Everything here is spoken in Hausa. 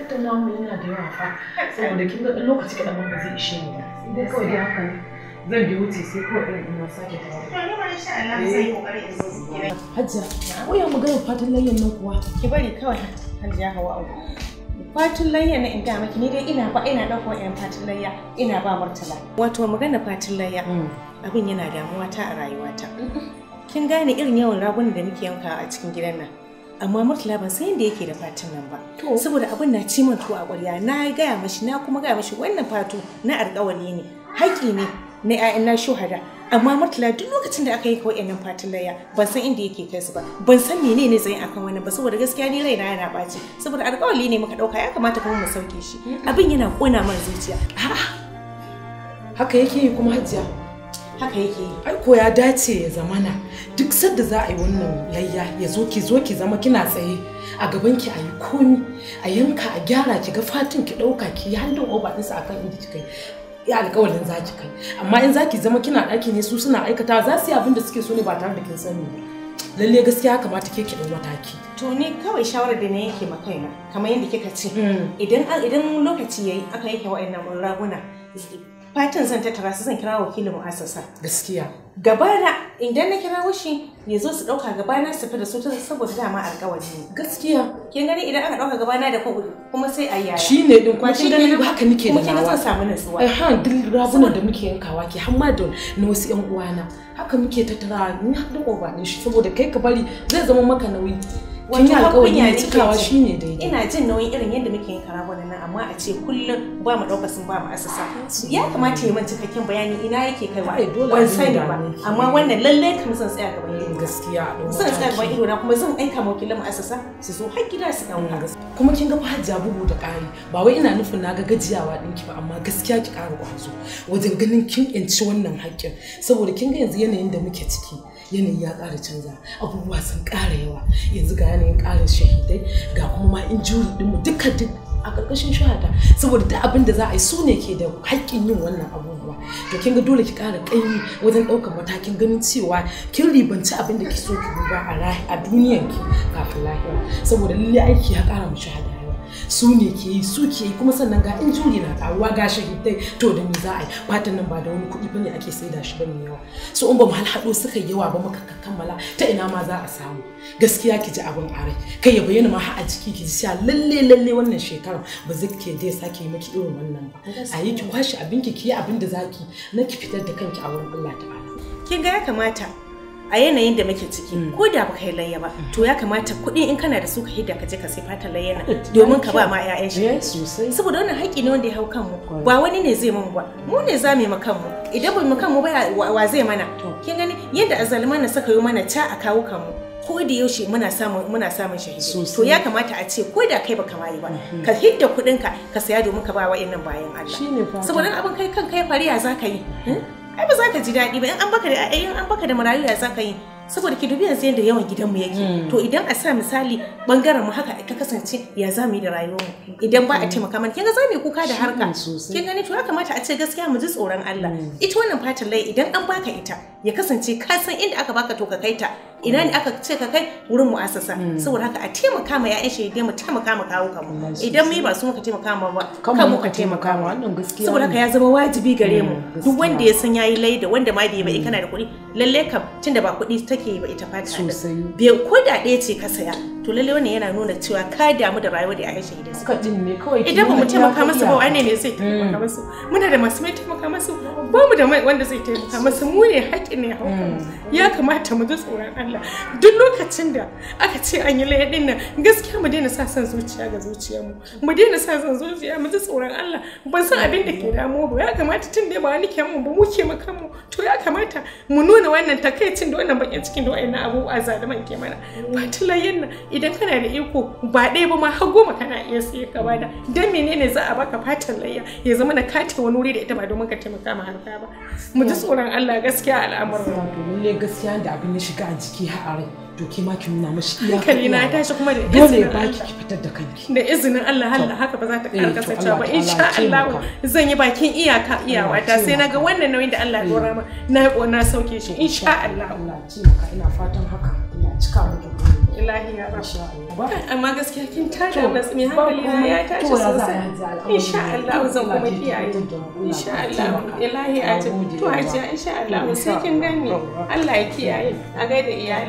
tattauna mu yana da yawa fa saboda kin ga lokaci kaɗan ma ba zai ishe ni ba idan kawai dai haka zan bi wuce sai kawai ɗin ina sake dawo. Hajja, waya maganar fatan layyan nan kuwa. Ki bari kawai Hajja Hawa Abu. Fatin layya na in gaya maki ni dai ina ba ina ɗauko irin fatin layya ina ba martala. Wato magana fatin layya mm. abin yana damuwa ta a rayuwata. Kin gane irin yawan ragunan da muke yanka a cikin gidan nan. amma murtala ban san yadda yake da fatin nan ba saboda abin na ci tuwo a ƙwarya na gaya mashi na kuma gaya mashi wannan fatu na alƙawari ne haƙi ne na 'ya'yan na shuhada amma murtala duk lokacin da aka yi kawai nan fatin laya ban san inda yake kai su ba ban san menene ne zai akan wannan ba saboda gaskiya ni raina yana ɓaci saboda alƙawari ne muka ɗauka ya kamata kuma mu sauke shi abin yana ƙona man zuciya haka yake yi kuma hajiya haka yake ai ko ya dace ya zamana duk sadda za a yi wannan layya ya zo ki zo ki zama kina tsaye a gaban ki a yi komi a yanka a gyara ki ga fatin ki dauka ki yi handin oba ɗinsa akan inda kika ya alƙawarin za ki kai amma in zaki ki zama kina daki ne su suna aikata za su yi abin da suke so ne ba tare da kin sani lalle gaskiya kamata ke ki ɗau mataki. To ni kawai shawarar da na yake ma kaina kamar yadda kika ce hmm. idan idan lokaci yayi aka yake wa'annan raguna Fatin zan tattara su zan kira wakilin mu'assasa. Gaskiya. Gabana idan na kira shi ya zo su ɗauka gabana su fi da ta saboda dama alƙawari ne. Gaskiya. Kin gani idan aka ɗauka gabana da ku kuma sai a yaya. Shi ne kuma shi gani haka nake da nawa. Kuma kin zan samu nasuwa. Eh ha duk rabunan da muke yankawa ke har ma da na wasu ƴan uwana. Haka muke tattara ni har da shi saboda kai ka bari zai zama maka nauyi. kin alƙawari ne cikawa shine daidai ina jin nauyin irin yadda muke yin kara nan amma a ce kullum ba mu ɗaukar sun ba mu asasa ya kamata ya man cikakken bayani ina yake kaiwa ban sani ba amma wannan lallai kam zan tsaya gaban ido gaskiya zan tsaya gaban ido na kuma zan aika ma wakilan asasa su zo har gida su kawo mm, kuma kin ga fa hajja bugu da ƙari ba wai ina nufin na ga gajiyawa ɗinki ba amma gaskiya ki ƙara ƙwazo wajen ganin kin yanci wannan haƙƙin saboda kin ga yanzu yanayin da muke ciki yanayi ya ƙara canza abubuwa sun ƙara yawa yanzu ga yanayin ƙara shahidai ga kuma ma injuri ɗinmu dukkan duk a ƙarƙashin shahada saboda duk abin da za a yi su ne ke da haƙƙin yin wannan abubuwa to kin ga dole ki ƙara ƙaimi wajen ɗaukar matakin ganin cewa kin ribanci abin da ki so ki duba a duniyanki kafin lahira saboda lallai aiki ya ƙara mu shahada su ne ke yi su ke yi kuma sannan ga juri na tawa ga shahidai to da me za a yi fatan nan ba da wani kuɗi bane ake da shi bane yawa su in ba mu halhado suka yawa ba muka kammala ta ina ma za a samu gaskiya ki ji abin arai kai ya bayyana ma har a ciki ki ji sha lalle lalle wannan shekarar ba zai ke dai sake yi miki irin wannan ba a yi ki kwashe abinki ki yi abin da zaki na ki fitar da kanki a wurin Allah ta'ala kin ga ya kamata a yanayin da muke ciki mm. ko da baka yi layya ba mm. to ya kamata kuɗi in kana da su ka hidda ka je ka sai fata layya eh, domin ka ba ma 'ya'yan shi saboda wannan haƙƙi ne wanda ya hau kanmu ba wani ne zai mun ba mu ne za mu yi kanmu idan ba mu kanmu ba wa zai mana kin gani yadda azalman na saka yi mana ca a kawo kanmu ko da yaushe muna samun muna samun shahidi to ya kamata a ce ko da kai baka ma yi ba mm-hmm. ka hidda kuɗinka ka saya domin ka ba wa'annan bayan Allah saboda abin kai kanka ya fariya zaka yi hmm? ai ba za ka ji daɗi ba in an baka da eh, in an baka da marayu ya zaka yi saboda ki dubi yanzu yadda yawan gidan gidanmu yake hmm. to idan a sa misali bangaren mu haka ta kasance ya za mu yi da mu idan ba a hmm. taimaka mana kinga za mu yi kuka da harka kin gani to ya kamata a ce gaskiya mu ji tsoron Allah hmm. ita wannan fatar lai idan an baka ita ya kasance ka san inda aka baka to ka kai ta ina ne aka ce ka kai wurin mu'asasa hmm. saboda haka a taimaka ma ya'yan shi mu taimaka ma kawo kanmu hmm. idan mu ba su muka taimaka ma ba kanmu muka taimaka ma wannan gaskiya saboda haka ya zama wajibi gare hmm, mu duk wanda ya san yayi laida wanda ma bai bai eh, kana da kuɗi lalle kam tunda ba kuɗi take ba ita fata sosai bai kuɗa ɗaya ce ka saya to lalle wannan yana nuna cewa ka damu da rayuwar da ya'yan shi idan suka din ne kawai idan ba mu taimaka masu ba wane ne zai taimaka masa muna da masu mai taimaka masu. ba mu da mai wanda zai taimaka masa mu ne haƙƙi ne mm. ya kamata mu ji tsoron Allah duk lokacin da aka ce an yi laifin nan gaskiya mu daina sa san zuciya ga zuciya mu mu daina sa son zuciya mu ji tsoron Allah ban san abin da ke damu ba ya kamata tun da ba wani ke mu ba mu ke maka mu to ya kamata mu nuna wannan takaicin da wannan bakin cikin da wayannan abubuwa zaluman ke mana mm. ba tilayen nan idan kana da iko ba ɗaya ba ma har goma kana iya sai ka bada dan menene za a baka fatan layya ya zama na kace wani wuri da ita ba domin ka taimaka ma kyauta ba mu ji tsoron Allah gaskiya al'amarin to lalle gaskiya da abin ya shiga a jiki har a rai to ke ma ki nuna mashi iya na tashi kuma da izinin dole ba ki fitar da kanki da izinin Allah Allah haka ba za ta eh, karkasa ba insha Allah zan yi bakin iyaka iyawa ta sai na ga wannan nauyin da Allah ya dora eh. ma na na sauke shi insha Allah Allah ce maka ina fatan haka ina cika Ilahi ya ba. Amma gaskiya kin tada nas mai hankali na ya tashi sosai. Insha Allah zan kuma kiyaye. Insha Allah Ilahi a to hajiya insha Allah sai kin gane. Allah ya kiyaye. A gaida iyali.